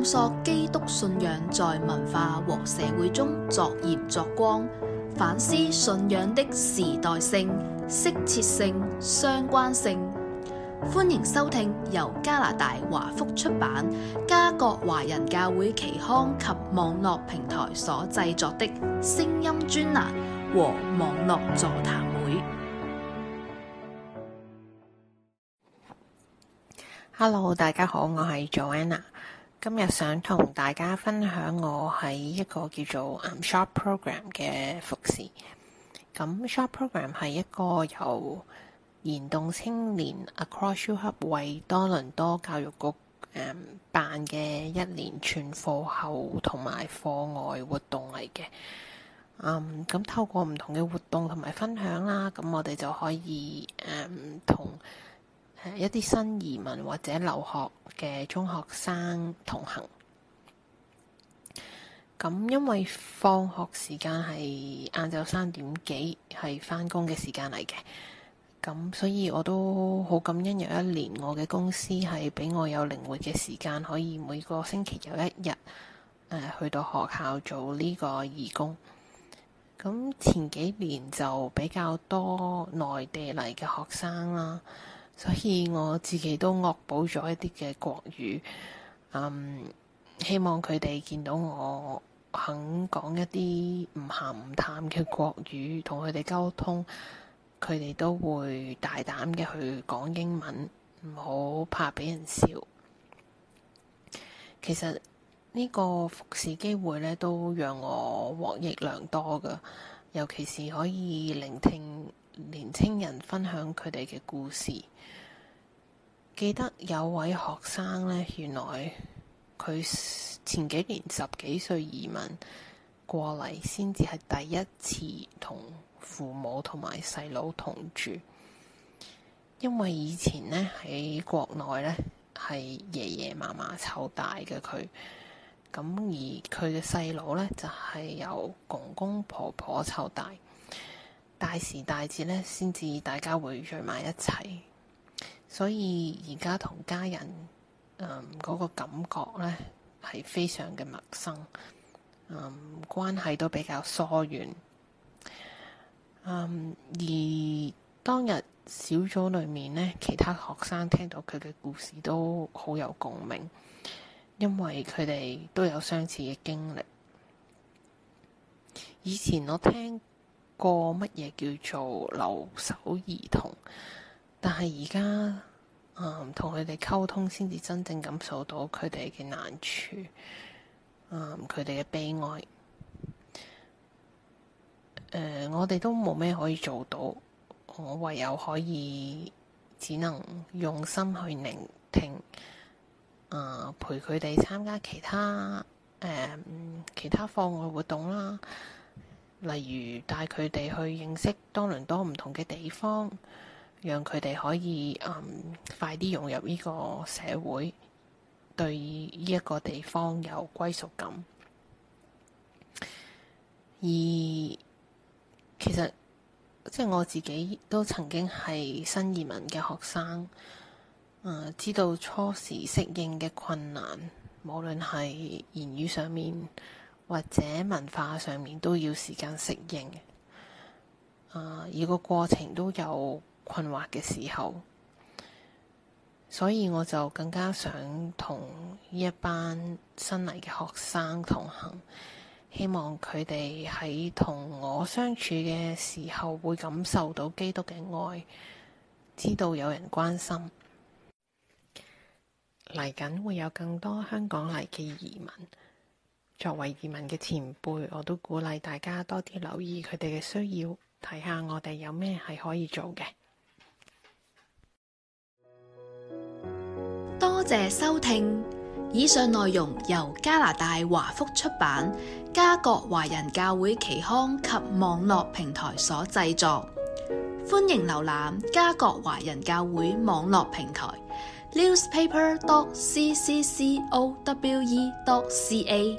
探索基督信仰在文化和社會中作業作光，反思信仰的時代性、適切性、相關性。歡迎收聽由加拿大華福出版、加國華人教會期刊及網絡平台所製作的聲音專欄和網絡座談會。Hello，大家好，我係 Joanna。今日想同大家分享我喺一個叫做 Short Program 嘅服侍。咁 Short Program 係一個由燃動青年 Across U-hub、uh、為多倫多教育局誒辦嘅一連串課後同埋課外活動嚟嘅。咁、嗯、透過唔同嘅活動同埋分享啦，咁我哋就可以誒同，嗯一啲新移民或者留學嘅中學生，同行，咁因為放學時間係晏晝三點幾，係翻工嘅時間嚟嘅。咁所以我都好感恩，有一年我嘅公司係俾我有靈活嘅時間，可以每個星期有一日、呃、去到學校做呢個義工。咁前幾年就比較多內地嚟嘅學生啦。所以我自己都惡補咗一啲嘅國語，嗯，希望佢哋見到我肯講一啲唔咸唔淡嘅國語，同佢哋溝通，佢哋都會大膽嘅去講英文，唔好怕俾人笑。其實呢，這個服侍機會咧，都讓我獲益良多噶，尤其是可以聆聽。年青人分享佢哋嘅故事，記得有位學生呢，原來佢前幾年十幾歲移民過嚟，先至係第一次同父母同埋細佬同住，因為以前呢，喺國內呢，係爺爺嫲嫲湊大嘅佢，咁而佢嘅細佬呢，就係由公公婆婆湊大。大時大節咧，先至大家會聚埋一齊。所以而家同家人，嗯，嗰個感覺咧係非常嘅陌生，嗯，關係都比較疏遠。嗯，而當日小組裏面呢，其他學生聽到佢嘅故事都好有共鳴，因為佢哋都有相似嘅經歷。以前我聽個乜嘢叫做留守兒童？但係而家嗯同佢哋溝通，先至真正感受到佢哋嘅難處，嗯佢哋嘅悲哀。呃、我哋都冇咩可以做到，我唯有可以只能用心去聆聽，呃、陪佢哋參加其他、嗯、其他課外活動啦。例如帶佢哋去認識多倫多唔同嘅地方，讓佢哋可以，嗯，快啲融入呢個社會，對呢一個地方有歸屬感。而其實即係、就是、我自己都曾經係新移民嘅學生，呃，知道初時適應嘅困難，無論係言語上面。或者文化上面都要時間適應，啊，而個過程都有困惑嘅時候，所以我就更加想同一班新嚟嘅學生同行，希望佢哋喺同我相處嘅時候會感受到基督嘅愛，知道有人關心。嚟緊 會有更多香港嚟嘅移民。作為移民嘅前輩，我都鼓勵大家多啲留意佢哋嘅需要，睇下我哋有咩係可以做嘅。多謝收聽，以上內容由加拿大華福出版，加國華人教會期刊及網絡平台所製作。歡迎瀏覽加國華人教會網絡平台 Newspaper dot c c c o w e dot c a。